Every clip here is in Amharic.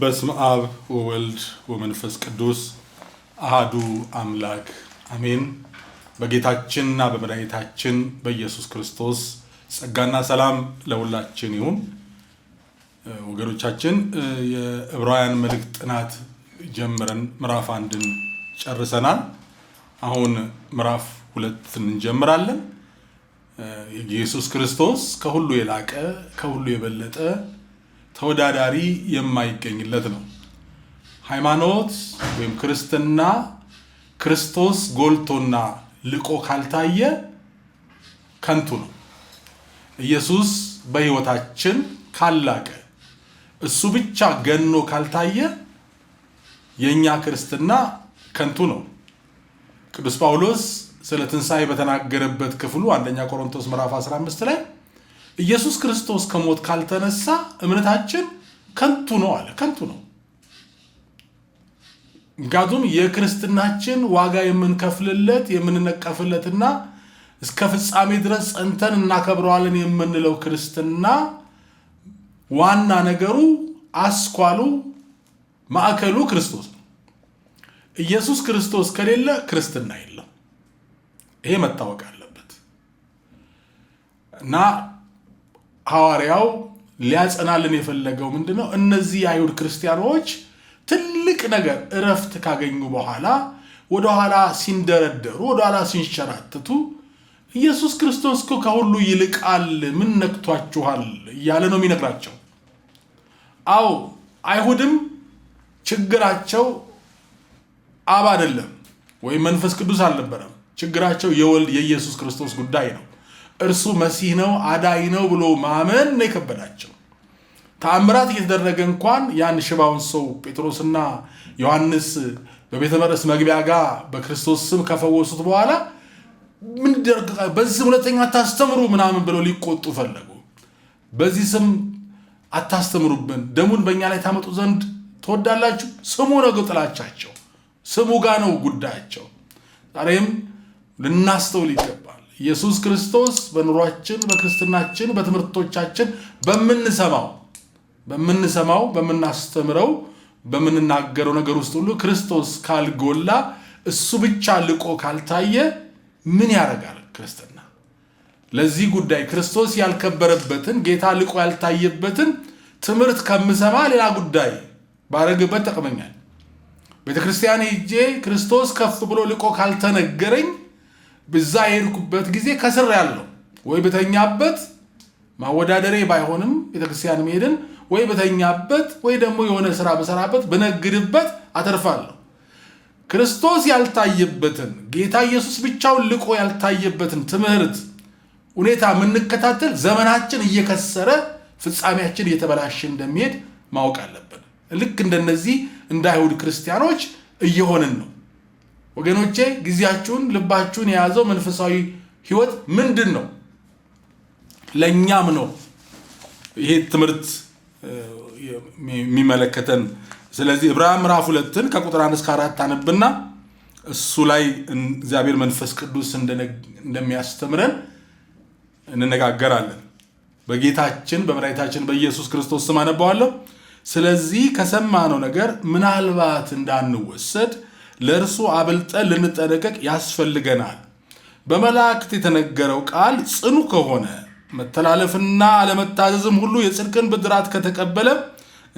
በስም አብ ወወልድ ወመንፈስ ቅዱስ አህዱ አምላክ አሜን። በጌታችንና በመድኃኒታችን በኢየሱስ ክርስቶስ ጸጋና ሰላም ለሁላችን ይሁን። ወገኖቻችን የዕብራውያን መልእክት ጥናት ጀምረን ምዕራፍ አንድን ጨርሰናል። አሁን ምዕራፍ ሁለት እንጀምራለን። ኢየሱስ ክርስቶስ ከሁሉ የላቀ ከሁሉ የበለጠ ተወዳዳሪ የማይገኝለት ነው። ሃይማኖት ወይም ክርስትና ክርስቶስ ጎልቶና ልቆ ካልታየ ከንቱ ነው። ኢየሱስ በሕይወታችን ካላቀ እሱ ብቻ ገኖ ካልታየ የእኛ ክርስትና ከንቱ ነው። ቅዱስ ጳውሎስ ስለ ትንሣኤ በተናገረበት ክፍሉ አንደኛ ቆሮንቶስ ምዕራፍ 15 ላይ ኢየሱስ ክርስቶስ ከሞት ካልተነሳ እምነታችን ከንቱ ነው አለ። ከንቱ ነው። ምክንያቱም የክርስትናችን ዋጋ የምንከፍልለት የምንነቀፍለትና እስከ ፍጻሜ ድረስ ጸንተን እናከብረዋለን የምንለው ክርስትና ዋና ነገሩ፣ አስኳሉ፣ ማዕከሉ ክርስቶስ ነው። ኢየሱስ ክርስቶስ ከሌለ ክርስትና የለም። ይሄ መታወቅ አለበት እና ሐዋርያው ሊያጸናልን የፈለገው ምንድን ነው? እነዚህ የአይሁድ ክርስቲያኖች ትልቅ ነገር እረፍት ካገኙ በኋላ ወደኋላ ሲንደረደሩ፣ ወደኋላ ሲንሸራተቱ ኢየሱስ ክርስቶስ እኮ ከሁሉ ይልቃል፣ ምን ነክቷችኋል? እያለ ነው የሚነግራቸው። አዎ አይሁድም ችግራቸው አብ አይደለም ወይም መንፈስ ቅዱስ አልነበረም። ችግራቸው የወልድ የኢየሱስ ክርስቶስ ጉዳይ ነው። እርሱ መሲህ ነው አዳይ ነው ብሎ ማመን ነው የከበዳቸው። ተአምራት እየተደረገ እንኳን ያን ሽባውን ሰው ጴጥሮስና ዮሐንስ በቤተ መቅደስ መግቢያ ጋር በክርስቶስ ስም ከፈወሱት በኋላ ምን ደርግ በዚህ ሁለተኛ አታስተምሩ ምናምን ብለው ሊቆጡ ፈለጉ። በዚህ ስም አታስተምሩብን፣ ደሙን በእኛ ላይ ታመጡ ዘንድ ትወዳላችሁ። ስሙ ነው ጥላቻቸው፣ ስሙ ጋ ነው ጉዳያቸው። ዛሬም ልናስተውል ይገባል። ኢየሱስ ክርስቶስ በኑሯችን፣ በክርስትናችን፣ በትምህርቶቻችን በምንሰማው በምንሰማው በምናስተምረው በምንናገረው ነገር ውስጥ ሁሉ ክርስቶስ ካልጎላ እሱ ብቻ ልቆ ካልታየ ምን ያደርጋል ክርስትና? ለዚህ ጉዳይ ክርስቶስ ያልከበረበትን ጌታ ልቆ ያልታየበትን ትምህርት ከምሰማ ሌላ ጉዳይ ባረግበት ጠቅመኛል። ቤተ ክርስቲያን ሄጄ ክርስቶስ ከፍ ብሎ ልቆ ካልተነገረኝ ብዛ የሄድኩበት ጊዜ ከስር ያለው ወይ በተኛበት ማወዳደሬ ባይሆንም ቤተክርስቲያን መሄድን ወይ በተኛበት ወይ ደግሞ የሆነ ስራ በሰራበት ብነግድበት አተርፋለሁ። ክርስቶስ ያልታየበትን ጌታ ኢየሱስ ብቻውን ልቆ ያልታየበትን ትምህርት ሁኔታ የምንከታተል ዘመናችን እየከሰረ ፍጻሜያችን እየተበላሸ እንደሚሄድ ማወቅ አለብን። ልክ እንደነዚህ እንደ አይሁድ ክርስቲያኖች እየሆንን ነው። ወገኖቼ ጊዜያችሁን ልባችሁን የያዘው መንፈሳዊ ህይወት ምንድን ነው? ለእኛም ነው ይሄ ትምህርት የሚመለከተን። ስለዚህ ዕብራውያን ምዕራፍ ሁለትን ከቁጥር አንድ እስከ አራት አነብና እሱ ላይ እግዚአብሔር መንፈስ ቅዱስ እንደሚያስተምረን እንነጋገራለን። በጌታችን በመድኃኒታችን በኢየሱስ ክርስቶስ ስም አነባዋለሁ። ስለዚህ ከሰማነው ነገር ምናልባት እንዳንወሰድ ለእርሱ አብልጠን ልንጠነቀቅ ያስፈልገናል። በመላእክት የተነገረው ቃል ጽኑ ከሆነ መተላለፍና አለመታዘዝም ሁሉ የጽድቅን ብድራት ከተቀበለ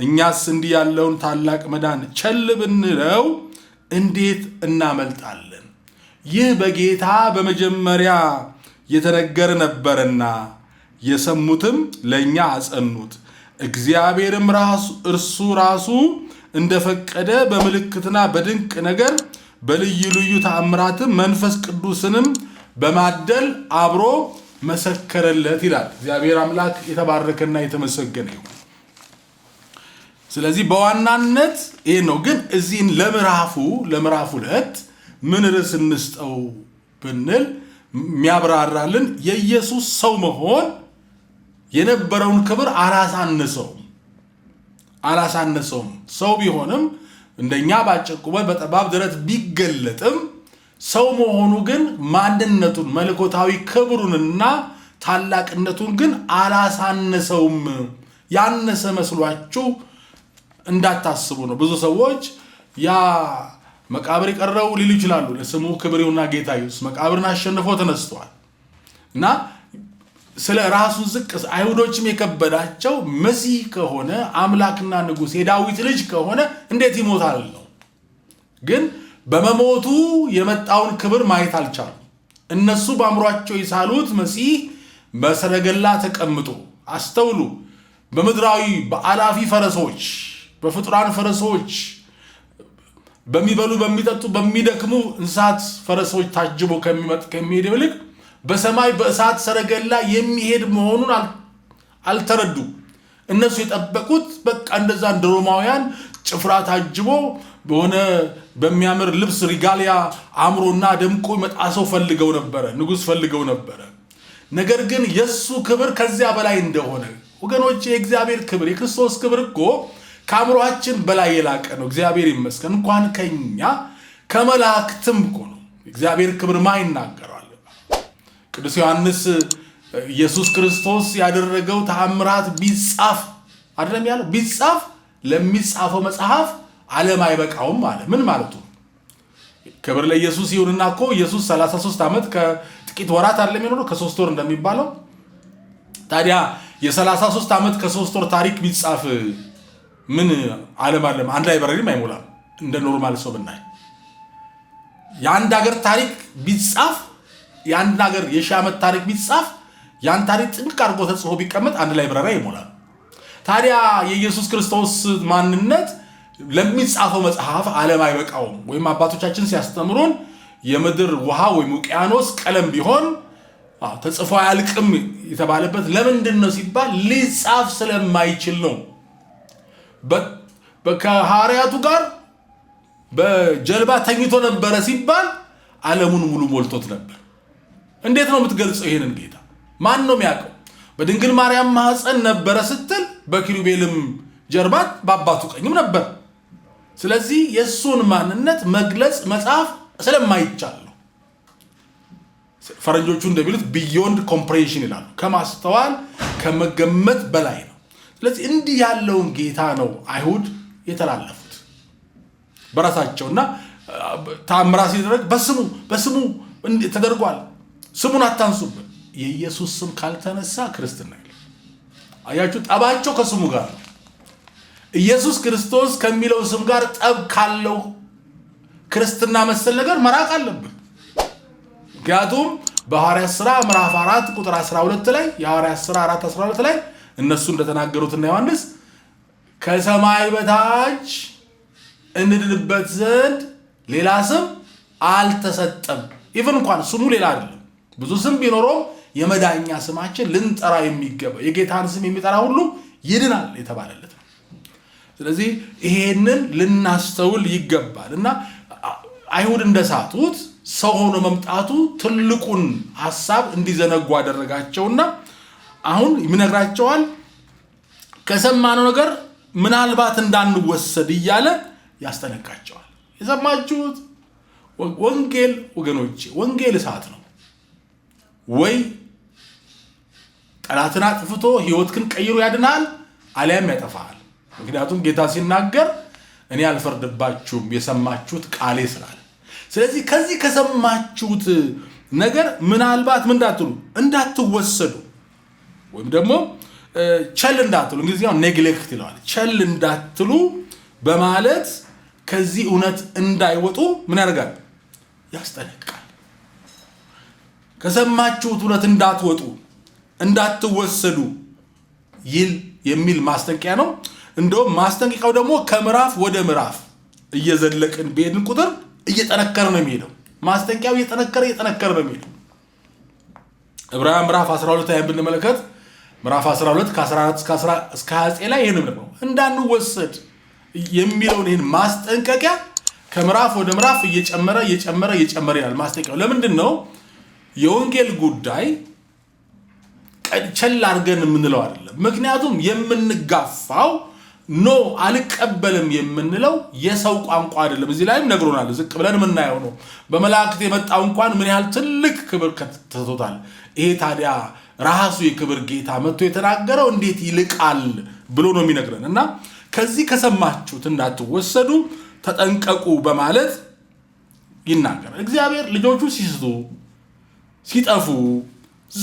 እኛስ እንዲህ ያለውን ታላቅ መዳን ቸል ብንለው እንዴት እናመልጣለን? ይህ በጌታ በመጀመሪያ የተነገረ ነበርና የሰሙትም ለእኛ አጸኑት። እግዚአብሔርም እርሱ ራሱ እንደፈቀደ በምልክትና በድንቅ ነገር በልዩ ልዩ ተአምራትም መንፈስ ቅዱስንም በማደል አብሮ መሰከረለት ይላል። እግዚአብሔር አምላክ የተባረከና የተመሰገነ ይሁን። ስለዚህ በዋናነት ይህን ነው። ግን እዚህን ለምዕራፉ ለምዕራፍ ሁለት ምን ርዕስ እንስጠው ብንል የሚያብራራልን የኢየሱስ ሰው መሆን የነበረውን ክብር አላሳነሰውም። አላሳነሰውም። ሰው ቢሆንም እንደኛ በአጭር ቁመት በጠባብ ደረት ቢገለጥም ሰው መሆኑ ግን ማንነቱን መለኮታዊ ክብሩንና ታላቅነቱን ግን አላሳነሰውም። ያነሰ መስሏችሁ እንዳታስቡ ነው። ብዙ ሰዎች ያ መቃብር የቀረው ሊሉ ይችላሉ። ለስሙ ክብሬውና ጌታ ኢየሱስ መቃብርን አሸንፎ ተነስተዋል እና ስለ ራሱ ዝቅ አይሁዶችም የከበዳቸው መሲህ ከሆነ አምላክና ንጉሥ የዳዊት ልጅ ከሆነ እንዴት ይሞታል ነው። ግን በመሞቱ የመጣውን ክብር ማየት አልቻሉ። እነሱ በአእምሯቸው የሳሉት መሲህ በሰረገላ ተቀምጦ አስተውሉ፣ በምድራዊ በአላፊ ፈረሶች፣ በፍጡራን ፈረሶች፣ በሚበሉ በሚጠጡ በሚደክሙ እንስሳት ፈረሶች ታጅቦ ከሚመጥ ከሚሄድ ይልቅ በሰማይ በእሳት ሰረገላ የሚሄድ መሆኑን አልተረዱ። እነሱ የጠበቁት በቃ እንደዛ እንደ ሮማውያን ጭፍራ ታጅቦ በሆነ በሚያምር ልብስ ሪጋሊያ አምሮና ደምቆ መጣሰው ሰው ፈልገው ነበረ፣ ንጉሥ ፈልገው ነበረ። ነገር ግን የእሱ ክብር ከዚያ በላይ እንደሆነ ወገኖች፣ የእግዚአብሔር ክብር የክርስቶስ ክብር እኮ ከአእምሯችን በላይ የላቀ ነው። እግዚአብሔር ይመስገን። እንኳን ከኛ ከመላእክትም እኮ ነው እግዚአብሔር ክብር ማይናገረው ቅዱስ ዮሐንስ ኢየሱስ ክርስቶስ ያደረገው ተአምራት ቢጻፍ አይደለም ያለው ቢጻፍ ለሚጻፈው መጽሐፍ ዓለም አይበቃውም ማለት ምን ማለቱ ክብር ለኢየሱስ ይሁንና እኮ ኢየሱስ 33 ዓመት ከጥቂት ወራት አለ የኖረው ከሶስት ወር እንደሚባለው ታዲያ የ33 ዓመት ከሶስት ወር ታሪክ ቢጻፍ ምን ዓለም አለም አንድ ላይብረሪም አይሞላም እንደ ኖርማል ሰው ብናይ የአንድ ሀገር ታሪክ ቢጻፍ የአንድ ሀገር የሺህ ዓመት ታሪክ ቢጻፍ ያን ታሪክ ጥንቅ አድርጎ ተጽፎ ቢቀመጥ አንድ ላይብረሪ ይሞላል። ታዲያ የኢየሱስ ክርስቶስ ማንነት ለሚጻፈው መጽሐፍ ዓለም አይበቃውም። ወይም አባቶቻችን ሲያስተምሩን የምድር ውሃ ወይም ውቅያኖስ ቀለም ቢሆን ተጽፎ አያልቅም የተባለበት ለምንድን ነው ሲባል ሊጻፍ ስለማይችል ነው። ከሐዋርያቱ ጋር በጀልባ ተኝቶ ነበረ ሲባል ዓለሙን ሙሉ ሞልቶት ነበር። እንዴት ነው የምትገልጸው? ይሄንን ጌታ ማን ነው የሚያውቀው? በድንግል ማርያም ማህፀን ነበረ ስትል በኪሩቤልም ጀርባት በአባቱ ቀኝም ነበር። ስለዚህ የእሱን ማንነት መግለጽ መጽሐፍ ስለማይቻል ነው። ፈረንጆቹ እንደሚሉት ቢዮንድ ኮምፕሬንሽን ይላሉ። ከማስተዋል ከመገመት በላይ ነው። ስለዚህ እንዲህ ያለውን ጌታ ነው አይሁድ የተላለፉት በራሳቸውና ታምራ ሲደረግ በስሙ በስሙ ተደርጓል ስሙን አታንሱብን። የኢየሱስ ስም ካልተነሳ ክርስትና የለም። አያችሁ፣ ጠባቸው ከስሙ ጋር ነው። ኢየሱስ ክርስቶስ ከሚለው ስም ጋር ጠብ ካለው ክርስትና መሰል ነገር መራቅ አለብን። ምክንያቱም በሐዋርያት ሥራ ምዕራፍ 4 ቁጥር 12 ላይ የሐዋርያት ሥራ 4 12 ላይ እነሱ እንደተናገሩትና ዮሐንስ ከሰማይ በታች እንድንበት ዘንድ ሌላ ስም አልተሰጠም። ኢቨን እንኳን ስሙ ሌላ አይደለም ብዙ ስም ቢኖረውም የመዳኛ ስማችን ልንጠራ የሚገባው የጌታን ስም የሚጠራ ሁሉ ይድናል የተባለለት ነው። ስለዚህ ይሄንን ልናስተውል ይገባል እና አይሁድ እንደሳቱት ሰው ሆኖ መምጣቱ ትልቁን ሀሳብ እንዲዘነጉ አደረጋቸውና አሁን ይነግራቸዋል። ከሰማነው ነገር ምናልባት እንዳንወሰድ እያለ ያስጠነቃቸዋል። የሰማችሁት ወንጌል ወገኖቼ፣ ወንጌል እሳት ነው። ወይ ጠላትን አጥፍቶ ህይወትክን ቀይሮ ያድናል፣ አሊያም ያጠፋል ምክንያቱም ጌታ ሲናገር እኔ አልፈርድባችሁም የሰማችሁት ቃሌ ስላለ። ስለዚህ ከዚህ ከሰማችሁት ነገር ምናልባት ምን እንዳትሉ እንዳትወሰዱ ወይም ደግሞ ቸል እንዳትሉ እንግዲህ ኔግሌክት ይለዋል ቸል እንዳትሉ በማለት ከዚህ እውነት እንዳይወጡ ምን ያደርጋል? ያስጠነቅቃል። ከሰማችሁት እውነት እንዳትወጡ እንዳትወሰዱ ይል የሚል ማስጠንቀቂያ ነው። እንደውም ማስጠንቀቂያው ደግሞ ከምዕራፍ ወደ ምዕራፍ እየዘለቅን በሄድን ቁጥር እየጠነከረ ነው የሚሄደው። ማስጠንቀቂያው እየጠነከረ እየጠነከረ ነው የሚሄደው። ዕብራውያን ምዕራፍ 12 ላይ ብንመለከት ምዕራፍ 12 ከ14 እስከ 29 ላይ ይህንም ነው እንዳንወሰድ የሚለውን ይህን ማስጠንቀቂያ ከምዕራፍ ወደ ምዕራፍ እየጨመረ እየጨመረ እየጨመረ ይላል። ማስጠንቀቂያው ለምንድን ነው? የወንጌል ጉዳይ ቸል አድርገን የምንለው አይደለም። ምክንያቱም የምንጋፋው ኖ አልቀበልም የምንለው የሰው ቋንቋ አይደለም። እዚህ ላይም ነግሮናል። ዝቅ ብለን የምናየው ነው። በመላእክት የመጣው እንኳን ምን ያህል ትልቅ ክብር ተሰጥቶታል። ይሄ ታዲያ ራሱ የክብር ጌታ መጥቶ የተናገረው እንዴት ይልቃል ብሎ ነው የሚነግረን እና ከዚህ ከሰማችሁት እንዳትወሰዱ ተጠንቀቁ በማለት ይናገራል። እግዚአብሔር ልጆቹ ሲስቱ ሲጠፉ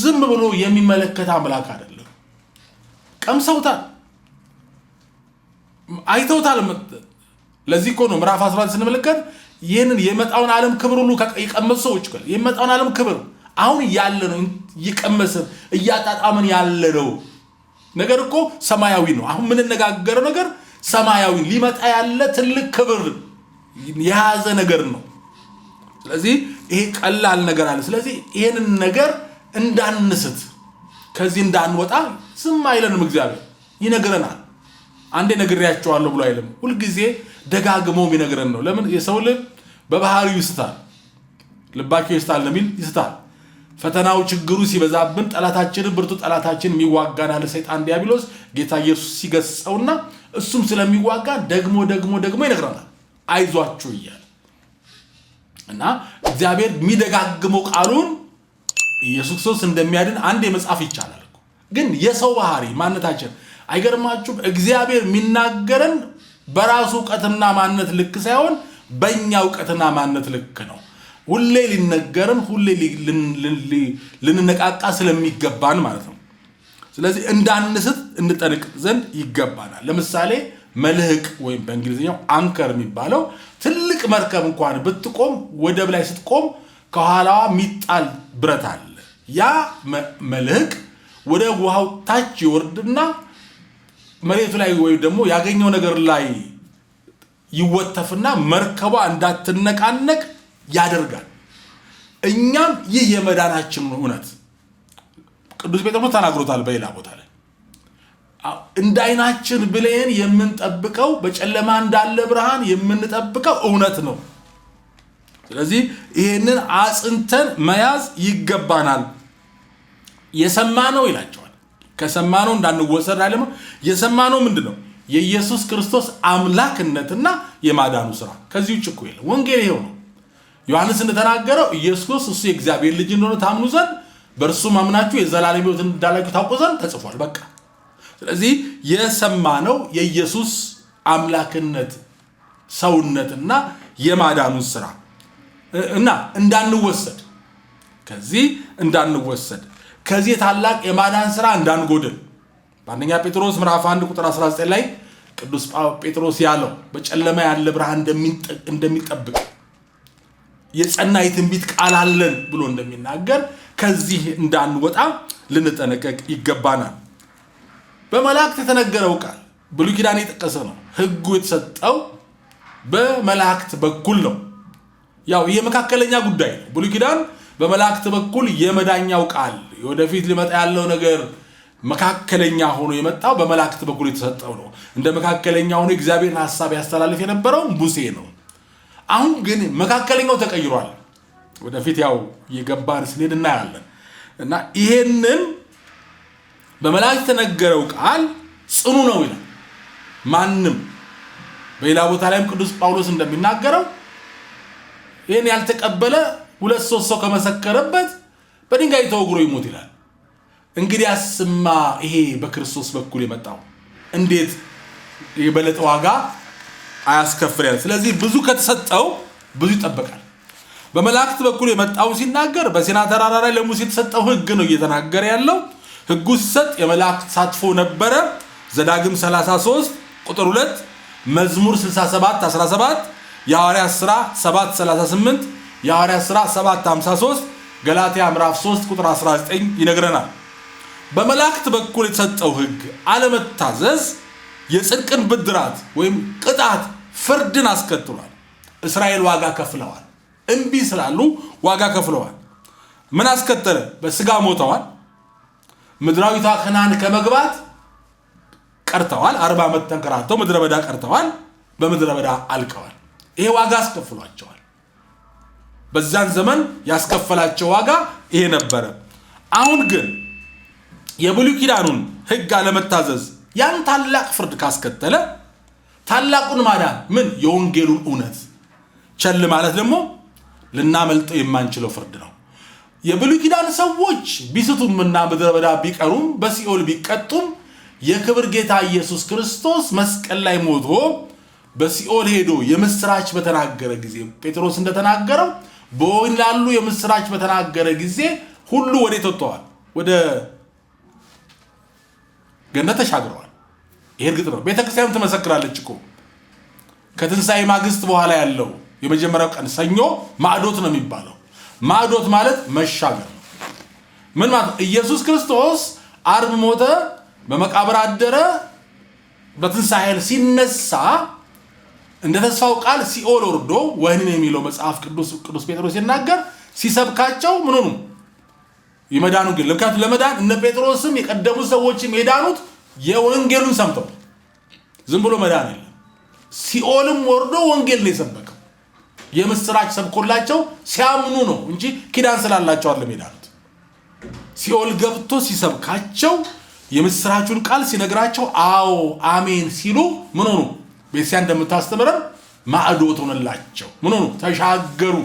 ዝም ብሎ የሚመለከት አምላክ አይደለም። ቀምሰውታል፣ አይተውታል። ለዚህ እኮ ነው ምዕራፍ 11 ስንመለከት ይህንን የመጣውን ዓለም ክብር ሁሉ የቀመሱ ሰዎች የመጣውን ዓለም ክብር አሁን ያለ ነው እየቀመስን እያጣጣምን ያለ ነው። ነገር እኮ ሰማያዊ ነው። አሁን የምንነጋገረው ነገር ሰማያዊ ሊመጣ ያለ ትልቅ ክብር የያዘ ነገር ነው። ስለዚህ ይሄ ቀላል ነገር አለ። ስለዚህ ይሄንን ነገር እንዳንስት ከዚህ እንዳንወጣ ዝም አይለንም። እግዚአብሔር ይነግረናል። አንዴ ነግሬያቸዋለሁ ብሎ አይለም። ሁልጊዜ ደጋግመውም ይነግረን ነው። ለምን የሰው ልብ በባህሪው ይስታል፣ ልባቸው ይስታል ለሚል ይስታል። ፈተናው ችግሩ ሲበዛብን ጠላታችንን ብርቱ ጠላታችን የሚዋጋን አለ ሰይጣን ዲያብሎስ ጌታ ኢየሱስ ሲገሰውና እሱም ስለሚዋጋ ደግሞ ደግሞ ደግሞ ይነግረናል አይዟችሁ እያለ እና እግዚአብሔር የሚደጋግመው ቃሉን ኢየሱስ ክርስቶስ እንደሚያድን አንድ የመጻፍ ይቻላል። ግን የሰው ባህሪ ማንነታችን አይገርማችሁም? እግዚአብሔር የሚናገረን በራሱ እውቀትና ማንነት ልክ ሳይሆን በእኛ እውቀትና ማንነት ልክ ነው። ሁሌ ሊነገርን ሁሌ ልንነቃቃ ስለሚገባን ማለት ነው። ስለዚህ እንዳንስት እንጠንቅ ዘንድ ይገባናል። ለምሳሌ መልህቅ ወይም በእንግሊዝኛው አንከር የሚባለው ትልቅ መርከብ እንኳን ብትቆም ወደብ ላይ ስትቆም ከኋላዋ ሚጣል ብረት አለ። ያ መልህቅ ወደ ውሃው ታች ይወርድና መሬቱ ላይ ወይም ደግሞ ያገኘው ነገር ላይ ይወተፍና መርከቧ እንዳትነቃነቅ ያደርጋል። እኛም ይህ የመዳናችን እውነት ቅዱስ ጴጥሮስ ተናግሮታል በሌላ ቦታ እንደ አይናችን ብሌን የምንጠብቀው በጨለማ እንዳለ ብርሃን የምንጠብቀው እውነት ነው። ስለዚህ ይሄንን አጽንተን መያዝ ይገባናል። የሰማነው ይላቸዋል። ከሰማነው እንዳንወሰድ አለ። የሰማነው ምንድን ነው? የኢየሱስ ክርስቶስ አምላክነትና የማዳኑ ስራ። ከዚህ ውጭ እኮ የለም። ወንጌል ይሄው ነው። ዮሐንስ እንደተናገረው ኢየሱስ እሱ የእግዚአብሔር ልጅ እንደሆነ ታምኑ ዘንድ በእርሱ አምናችሁ የዘላለም ሕይወት እንዳላችሁ ታውቁ ዘንድ ተጽፏል። በቃ ስለዚህ የሰማነው የኢየሱስ አምላክነት ሰውነትና የማዳኑን ስራ እና እንዳንወሰድ ከዚህ እንዳንወሰድ ከዚህ ታላቅ የማዳን ስራ እንዳንጎድል በአንደኛ ጴጥሮስ ምራፍ 1 ቁጥር 19 ላይ ቅዱስ ጴጥሮስ ያለው በጨለማ ያለ ብርሃን እንደሚጠብቅ የጸና የትንቢት ቃል አለን ብሎ እንደሚናገር ከዚህ እንዳንወጣ ልንጠነቀቅ ይገባናል። በመላእክት የተነገረው ቃል ብሉይ ኪዳን የጠቀሰ ነው። ህጉ የተሰጠው በመላእክት በኩል ነው። ያው ይህ መካከለኛ ጉዳይ ነው። ብሉይ ኪዳን በመላእክት በኩል የመዳኛው ቃል ወደፊት ሊመጣ ያለው ነገር መካከለኛ ሆኖ የመጣው በመላእክት በኩል የተሰጠው ነው። እንደ መካከለኛ ሆኖ እግዚአብሔርን ሀሳብ ያስተላልፍ የነበረው ሙሴ ነው። አሁን ግን መካከለኛው ተቀይሯል። ወደፊት ያው የገባን ስንሄድ እናያለን እና ይሄንን በመላእክት የተነገረው ቃል ጽኑ ነው ይላል። ማንም በሌላ ቦታ ላይም ቅዱስ ጳውሎስ እንደሚናገረው ይህን ያልተቀበለ ሁለት ሶስት ሰው ከመሰከረበት በድንጋይ ተወግሮ ይሞት ይላል። እንግዲያስማ ይሄ በክርስቶስ በኩል የመጣው እንዴት የበለጠ ዋጋ አያስከፍል? ስለዚህ ብዙ ከተሰጠው ብዙ ይጠበቃል። በመላእክት በኩል የመጣውን ሲናገር በሲና ተራራ ላይ ለሙሴ የተሰጠው ሕግ ነው እየተናገረ ያለው። ሕጉ ሲሰጥ የመላእክት ተሳትፎ ነበረ። ዘዳግም 33 ቁጥር 2፣ መዝሙር 67 17፣ የሐዋርያት ሥራ 7 38፣ የሐዋርያት ሥራ 7 53፣ ገላትያ ምዕራፍ 3 ቁጥር 19 ይነግረናል። በመላእክት በኩል የተሰጠው ሕግ አለመታዘዝ የጽድቅን ብድራት ወይም ቅጣት ፍርድን አስከትሏል። እስራኤል ዋጋ ከፍለዋል። እምቢ ስላሉ ዋጋ ከፍለዋል። ምን አስከተለ? በስጋ ሞተዋል። ምድራዊቷ ከናን ከመግባት ቀርተዋል። አርባ ዓመት ተንከራተው ምድረ በዳ ቀርተዋል። በምድረ በዳ አልቀዋል። ይሄ ዋጋ አስከፍሏቸዋል። በዛን ዘመን ያስከፈላቸው ዋጋ ይሄ ነበረ። አሁን ግን የብሉይ ኪዳኑን ሕግ አለመታዘዝ ያን ታላቅ ፍርድ ካስከተለ ታላቁን ማዳን ምን የወንጌሉን እውነት ቸል ማለት ደግሞ ልናመልጠው የማንችለው ፍርድ ነው። የብሉይ ኪዳን ሰዎች ቢስቱምና ምድረ በዳ ቢቀሩም በሲኦል ቢቀጡም የክብር ጌታ ኢየሱስ ክርስቶስ መስቀል ላይ ሞቶ በሲኦል ሄዶ የምስራች በተናገረ ጊዜ ጴጥሮስ እንደተናገረው በወይን ላሉ የምስራች በተናገረ ጊዜ ሁሉ ወዴት ወጥተዋል? ወደ ገነት ተሻግረዋል። ይሄ እርግጥ ነው። ቤተክርስቲያን ትመሰክራለች እኮ ከትንሣኤ ማግስት በኋላ ያለው የመጀመሪያው ቀን ሰኞ ማዕዶት ነው የሚባለው ማዕዶት ማለት መሻገር ነው። ምን ማለት ኢየሱስ ክርስቶስ አርብ ሞተ፣ በመቃብር አደረ፣ በትንሣኤ ሲነሳ እንደ ተስፋው ቃል ሲኦል ወርዶ ወህኒን የሚለው መጽሐፍ ቅዱስ ቅዱስ ጴጥሮስ ሲናገር ሲሰብካቸው ምን ሆኑ ይመዳኑ ግን ለምካት ለመዳን እነ ጴጥሮስም የቀደሙ ሰዎችም የዳኑት የወንጌሉን ሰምተው ዝም ብሎ መዳን የለም። ሲኦልም ወርዶ ወንጌል ነው የሰበከ የምስራች ሰብኮላቸው ሲያምኑ ነው እንጂ ኪዳን ስላላቸው አለም ሄዳሉት። ሲኦል ገብቶ ሲሰብካቸው የምስራቹን ቃል ሲነግራቸው አዎ አሜን ሲሉ ምን ሆኑ? ቤተክርስቲያን እንደምታስተምረን ማዕዶ ሆነላቸው። ምን ሆኑ? ተሻገሩ።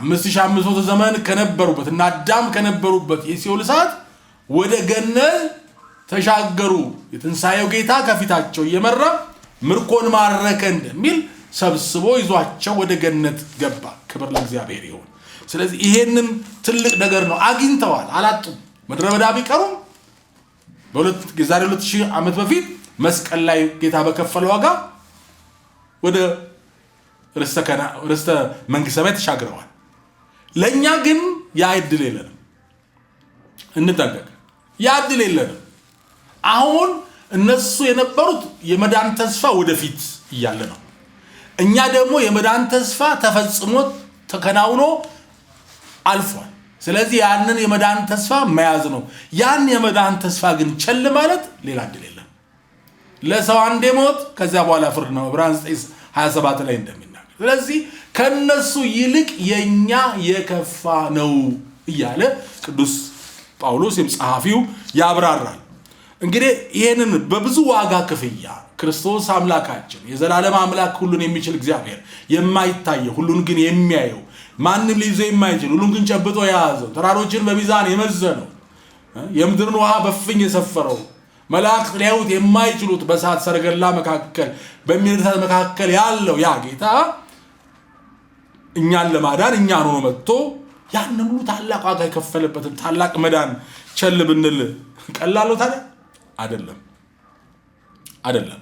አምስት ሺህ አምስት መቶ ዘመን ከነበሩበት እና አዳም ከነበሩበት የሲኦል እሳት ወደ ገነት ተሻገሩ። የትንሣኤው ጌታ ከፊታቸው እየመራ ምርኮን ማረከ እንደሚል ሰብስቦ ይዟቸው ወደ ገነት ገባ። ክብር ለእግዚአብሔር ይሁን። ስለዚህ ይሄንን ትልቅ ነገር ነው። አግኝተዋል፣ አላጡም። ምድረ በዳ ቢቀሩም የዛሬ 2000 ዓመት በፊት መስቀል ላይ ጌታ በከፈለ ዋጋ ወደ ርስተ መንግሥተ ሰማይ ተሻግረዋል። ለእኛ ግን ያ እድል የለንም። እንጠንቀቅ። ያ እድል የለንም። አሁን እነሱ የነበሩት የመዳን ተስፋ ወደፊት እያለ ነው። እኛ ደግሞ የመዳን ተስፋ ተፈጽሞ ተከናውኖ አልፏል። ስለዚህ ያንን የመዳን ተስፋ መያዝ ነው። ያን የመዳን ተስፋ ግን ቸል ማለት ሌላ እድል የለም። ለሰው አንዴ ሞት፣ ከዚያ በኋላ ፍርድ ነው ዕብራውያን 27 ላይ እንደሚናገር። ስለዚህ ከነሱ ይልቅ የኛ የከፋ ነው እያለ ቅዱስ ጳውሎስ ወይም ጸሐፊው ያብራራል። እንግዲህ ይህንን በብዙ ዋጋ ክፍያ ክርስቶስ አምላካችን የዘላለም አምላክ ሁሉን የሚችል እግዚአብሔር የማይታየው ሁሉን ግን የሚያየው ማንም ሊይዘው የማይችል ሁሉን ግን ጨብጦ የያዘው ተራሮችን በሚዛን የመዘነው የምድርን ውሃ በፍኝ የሰፈረው መላእክት ሊያዩት የማይችሉት በሳት ሰረገላ መካከል በሚነድ መካከል ያለው ያ ጌታ እኛን ለማዳን እኛን ሆኖ መጥቶ ያን ሁሉ ታላቅ ዋጋ የከፈለበትን ታላቅ መዳን ቸል ብንል ቀላል ታዲያ? አይደለም አይደለም።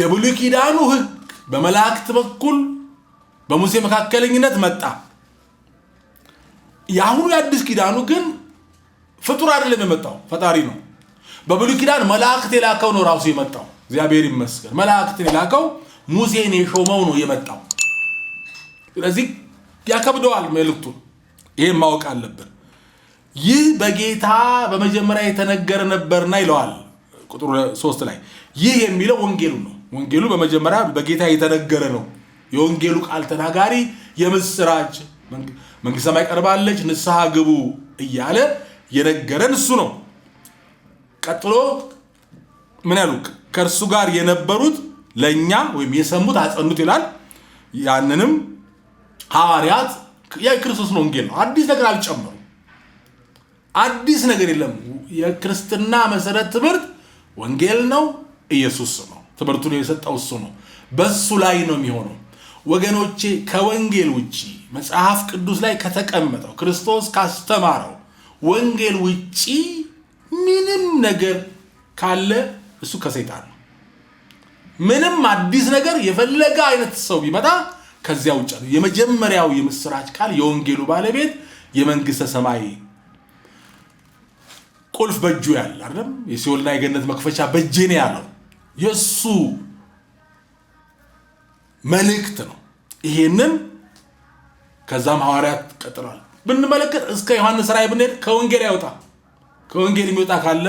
የብሉይ ኪዳኑ ህግ በመላእክት በኩል በሙሴ መካከለኝነት መጣ። የአሁኑ የአዲስ ኪዳኑ ግን ፍጡር አይደለም የመጣው ፈጣሪ ነው። በብሉይ ኪዳን መላእክት የላከው ነው ራሱ የመጣው። እግዚአብሔር ይመስገን። መላእክትን የላከው ሙሴን የሾመው ነው የመጣው። ስለዚህ ያከብደዋል መልእክቱ። ይህም ማወቅ አለብን። ይህ በጌታ በመጀመሪያ የተነገረ ነበርና ይለዋል ቁጥር ሶስት ላይ ይህ የሚለው ወንጌሉ ነው። ወንጌሉ በመጀመሪያ በጌታ የተነገረ ነው። የወንጌሉ ቃል ተናጋሪ የምስራች መንግሥተ ሰማይ ቀርባለች፣ ንስሐ ግቡ እያለ የነገረን እሱ ነው። ቀጥሎ ምን ያሉ ከእርሱ ጋር የነበሩት ለእኛ ወይም የሰሙት አጸኑት ይላል። ያንንም ሐዋርያት የክርስቶስን ወንጌል ነው። አዲስ ነገር አልጨመሩ፣ አዲስ ነገር የለም። የክርስትና መሰረት ትምህርት ወንጌል ነው፣ ኢየሱስ ነው። ትምህርቱን የሰጠው እሱ ነው። በሱ ላይ ነው የሚሆነው። ወገኖቼ ከወንጌል ውጭ መጽሐፍ ቅዱስ ላይ ከተቀመጠው ክርስቶስ ካስተማረው ወንጌል ውጭ ምንም ነገር ካለ እሱ ከሰይጣን ነው። ምንም አዲስ ነገር የፈለገ አይነት ሰው ቢመጣ ከዚያ ውጭ ነው። የመጀመሪያው የምስራች ቃል የወንጌሉ ባለቤት የመንግስተ ሰማይ ቁልፍ በእጁ ያለ አይደለም። የሲኦልና የገነት መክፈቻ በጄ ነው ያለው። የእሱ መልእክት ነው። ይሄንን ከዛም ሐዋርያት ቀጥሏል ብንመለከት እስከ ዮሐንስ ራእይ ብንሄድ ከወንጌል ያወጣ ከወንጌል የሚወጣ ካለ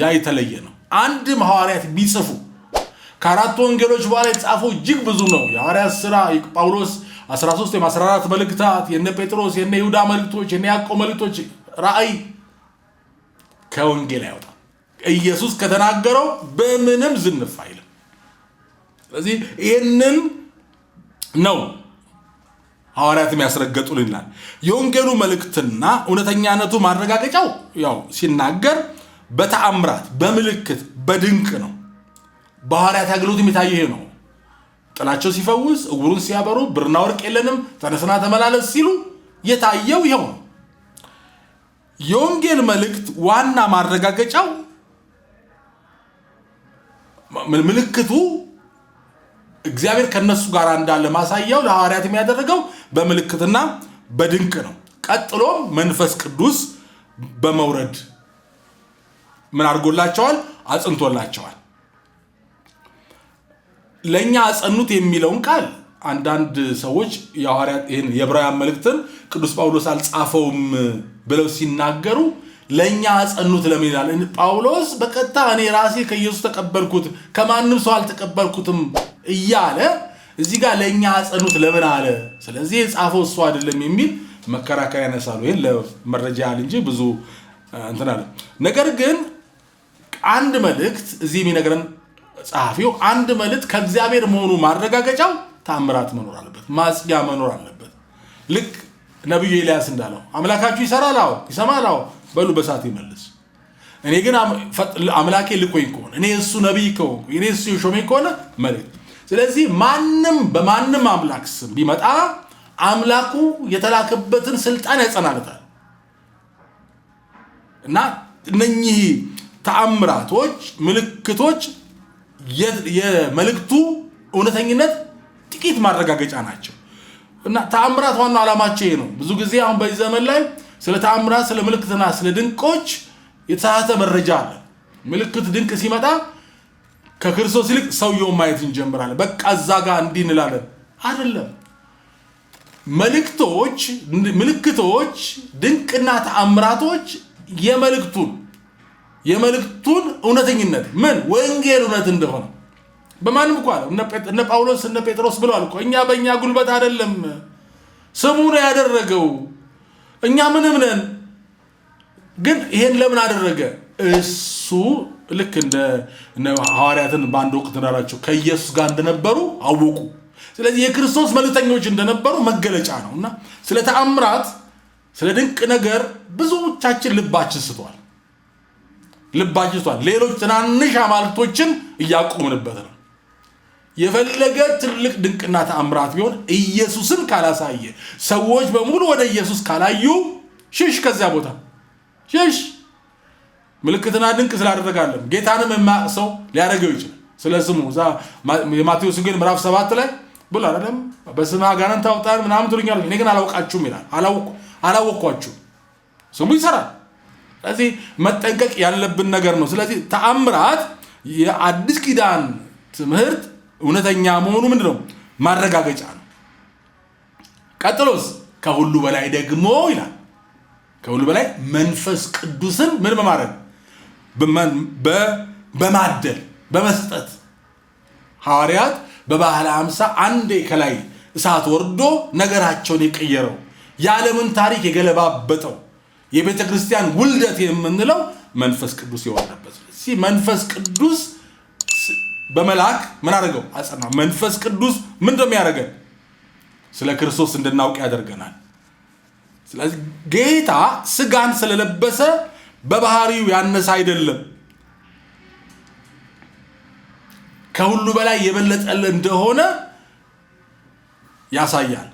ያ የተለየ ነው። አንድም ሐዋርያት ቢጽፉ ከአራት ወንጌሎች በኋላ የተጻፈው እጅግ ብዙ ነው። የሐዋርያት ስራ ጳውሎስ 13 ወይም 14 መልእክታት፣ የነ ጴጥሮስ የነ ይሁዳ መልእክቶች፣ የነ ያዕቆብ መልእክቶች፣ ራእይ ከወንጌል አይወጣ ኢየሱስ ከተናገረው በምንም ዝንፍ አይልም። ስለዚህ ይህንን ነው ሐዋርያት ያስረገጡልን ይላል። የወንጌሉ መልእክትና እውነተኛነቱ ማረጋገጫው ያው ሲናገር በተአምራት በምልክት በድንቅ ነው። በሐዋርያት አገልግሎት የሚታየ ይሄ ነው። ጥላቸው ሲፈውስ፣ እውሩን ሲያበሩ፣ ብርና ወርቅ የለንም ተነስና ተመላለስ ሲሉ የታየው ይኸው ነው። የወንጌል መልእክት ዋና ማረጋገጫው ምልክቱ እግዚአብሔር ከነሱ ጋር እንዳለ ማሳያው ለሐዋርያት የሚያደረገው በምልክትና በድንቅ ነው። ቀጥሎም መንፈስ ቅዱስ በመውረድ ምን አድርጎላቸዋል? አጽንቶላቸዋል። ለእኛ አጸኑት የሚለውን ቃል አንዳንድ ሰዎች የሐዋርያት ይህን የዕብራውያን መልእክትን ቅዱስ ጳውሎስ አልጻፈውም ብለው ሲናገሩ ለእኛ አጸኑት ለምን ይላል ጳውሎስ በቀጥታ እኔ ራሴ ከኢየሱስ ተቀበልኩት ከማንም ሰው አልተቀበልኩትም እያለ እዚህ ጋር ለእኛ አጸኑት ለምን አለ ስለዚህ የጻፈው እሱ አይደለም የሚል መከራከያ ያነሳሉ ይህን ለመረጃ ያህል እንጂ ብዙ እንትን አለ ነገር ግን አንድ መልእክት እዚህ የሚነግረን ጸሐፊው አንድ መልእክት ከእግዚአብሔር መሆኑ ማረጋገጫው ታምራት መኖር አለበት ማጽያ መኖር አለበት ልክ ነቢዩ ኤልያስ እንዳለው አምላካችሁ ይሰራል አዎ ይሰማል አዎ በሉ በሳት ይመልስ። እኔ ግን አምላኬ ልኮኝ ከሆነ እኔ እሱ ነቢይ ከሆንኩ እኔ እሱ የሾመኝ ከሆነ መሬት። ስለዚህ ማንም በማንም አምላክ ስም ቢመጣ አምላኩ የተላከበትን ስልጣን ያጸናልታል። እና እነኚህ ተአምራቶች፣ ምልክቶች የመልእክቱ እውነተኝነት ጥቂት ማረጋገጫ ናቸው እና ተአምራት ዋናው ዓላማቸው ነው። ብዙ ጊዜ አሁን በዚህ ዘመን ላይ ስለ ተአምራት፣ ስለ ምልክትና ስለ ድንቆች የተሳሳተ መረጃ አለ። ምልክት ድንቅ ሲመጣ ከክርስቶስ ይልቅ ሰውየውን ማየት እንጀምራለን። በቃ እዛ ጋር እንዲህ እንላለን። አይደለም። ምልክቶች፣ ድንቅና ተአምራቶች የመልክቱን የመልክቱን እውነተኝነት ምን ወንጌል እውነት እንደሆነ በማንም እኮ እነ ጳውሎስ እነ ጴጥሮስ ብለዋል እኮ እኛ በእኛ ጉልበት አይደለም ስሙ ነው ያደረገው እኛ ምንም ነን። ግን ይሄን ለምን አደረገ? እሱ ልክ እንደ ሐዋርያትን በአንድ ወቅት እንዳላቸው ከኢየሱስ ጋር እንደነበሩ አወቁ። ስለዚህ የክርስቶስ መልእክተኞች እንደነበሩ መገለጫ ነው እና ስለ ተአምራት፣ ስለ ድንቅ ነገር ብዙዎቻችን ልባችን ስቷል። ልባችን ስቷል። ሌሎች ትናንሽ አማልክቶችን እያቆምንበት ነው። የፈለገ ትልቅ ድንቅና ተአምራት ቢሆን ኢየሱስን ካላሳየ ሰዎች በሙሉ ወደ ኢየሱስ ካላዩ ሽሽ፣ ከዚያ ቦታ ሽሽ። ምልክትና ድንቅ ስላደረጋለን ጌታንም የማያውቅ ሰው ሊያደርገው ይችላል። ስለ ስሙ የማቴዎስ ግን ምዕራፍ ሰባት ላይ ብሎ አይደለም በስም አጋንንት አውጣን ምናምን ትሉኛል፣ እኔ ግን አላውቃችሁም ይላል። አላወቅኳችሁ ስሙ ይሰራል። ስለዚህ መጠንቀቅ ያለብን ነገር ነው። ስለዚህ ተአምራት የአዲስ ኪዳን ትምህርት እውነተኛ መሆኑ ምንድን ነው ማረጋገጫ ነው። ቀጥሎስ ከሁሉ በላይ ደግሞ ይላል ከሁሉ በላይ መንፈስ ቅዱስን ምን በማድረግ በማደል በመስጠት ሐዋርያት በባህለ ሐምሳ አንዴ ከላይ እሳት ወርዶ ነገራቸውን የቀየረው የዓለምን ታሪክ የገለባበጠው የቤተ ክርስቲያን ውልደት የምንለው መንፈስ ቅዱስ የወረደበት። መንፈስ ቅዱስ በመልአክ ምን አደረገው? አጸና። መንፈስ ቅዱስ ምን እንደሚያደርገን ስለ ክርስቶስ እንድናውቅ ያደርገናል። ስለዚህ ጌታ ስጋን ስለለበሰ በባህሪው ያነሰ አይደለም፣ ከሁሉ በላይ የበለጠ እንደሆነ ያሳያል።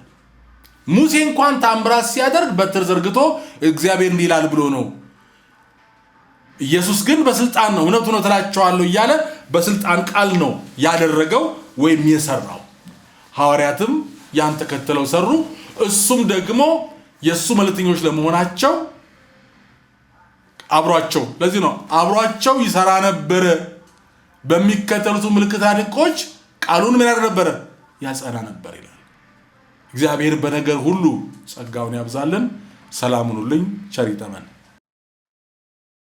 ሙሴ እንኳን ታምራት ሲያደርግ በትር ዘርግቶ እግዚአብሔር እንዲህ ይላል ብሎ ነው። ኢየሱስ ግን በስልጣን ነው እውነት እውነት እላቸዋለሁ እያለ በስልጣን ቃል ነው ያደረገው ወይም የሰራው። ሐዋርያትም ያን ተከትለው ሰሩ። እሱም ደግሞ የእሱ መልእክተኞች ለመሆናቸው አብሯቸው ለዚህ ነው አብሯቸው ይሰራ ነበረ። በሚከተሉት ምልክት አድቆች ቃሉን ምን ያደርግ ነበረ? ያጸና ነበር ይላል። እግዚአብሔር በነገር ሁሉ ጸጋውን ያብዛልን። ሰላም ቸር